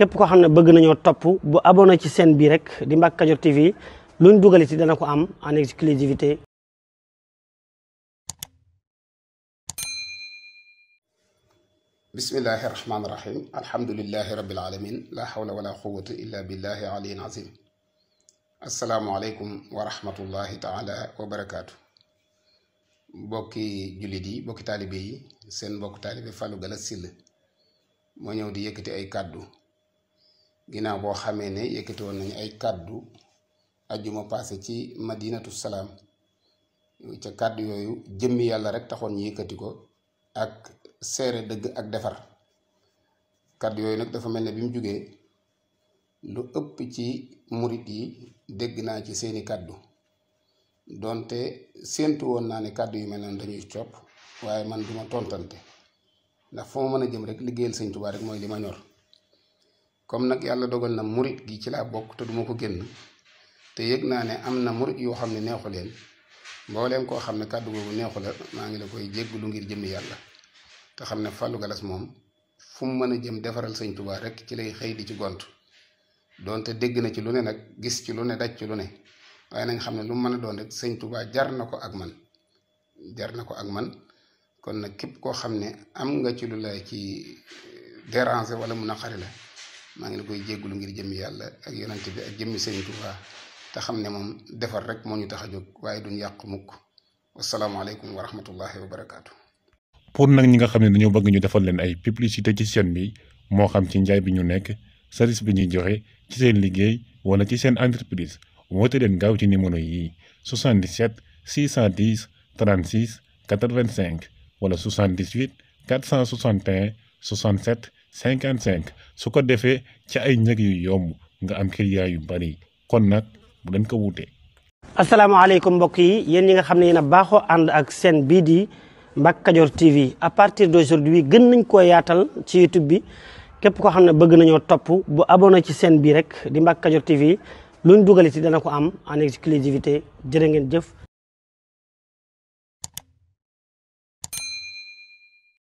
képp koo xam ne bëgg nañoo topp bu abonné ci seen bii rek di Mbacke Kadior TV luñ dugal ci dana ko am en exclusivité bismillahi rahmaani rahim alhamdulilahi rabbil alamin la hawla wala quwwata illa billahi aliyil azim asalaamualeykum wa rahmatullahi taala wa barakaatu bokki jullit yi bokki taalibe yi seen bokk taalibe Fallou Galass Syll moo ñëw di yëkkati ay kàddu ginnaaw boo xamee ne yëkkati woon nañu ay kàddu ajjuma passé ci madinatu salaam ca kàddu yooyu jëmmi yàlla rek taxoon ñu yëkkati ko ak seere dëgg ak defar kàddu yooyu nag dafa mel ne bi mu jógee lu ëpp ci murit yi dégg naa ci seeni kàddu doonte séentu woon naa ne kàddu yu mel na dañuy copp waaye man duma tontante ndax fu ma mën a jëm rek liggéeyal sëñ Tuubaa rek mooy li ma ñor comme nag yàlla dogal na murit gi ci laa bokk te duma ko génn te yëg naa ne am na murit yoo xam ne neexu leen mbooleem koo xam ne kàddu googu neexu la maa ngi la koy jéggalu ngir jëmmi yàlla te xam ne Fallou moom fu mu mën a jëm defaral sëñ Tuubaa rek ci lay xëy di ci gont doonte dégg na ci lu ne nag gis ci lu ne daj ci lu ne waaye nañ xam ne lu mu mën a doon rek sëñ tubaa jar na ko ak man jar na ko ak man kon nag képp koo xam ne am nga ci lu la ci déranger wala a xari la maa ngi la koy jéggulu ngir jëmmi yàlla ak yonent bi ak jëmmi Sëriñ Tuubaa te xam ne moom defar rek moo ngi tax a jóg waaye duñ yàq mukk wasalaamaaleykum wa rahmatullahi wa barakaatu. pour nag ñi nga xam ne dañoo bëgg ñu defal leen ay publicité ci seen bi moo xam ci njaay bi ñu nekk service bi ñuy joxe ci seen liggéey wala ci seen entreprise woote leen gaaw ci numéro yi 77 610 36 85 wala 78 461 67 cinquante cinq su ko defee ci ay njëg yu yomb nga am client yu bari kon nag bu dañ ko wuute. asalaamaaleykum mbokk yi yéen ñi nga xam ne yéen na baaxoo ànd ak seen bii di Mbacke Kadior TV à partir d'aujourd'hui gën nañ ko yaatal ci YouTube bi képp koo xam ne bëgg nañoo topp bu abonné ci seen bii rek di Mbacke Kadior TV luñ dugal ci dana ko am en exclusivité jërë ngeen jëf.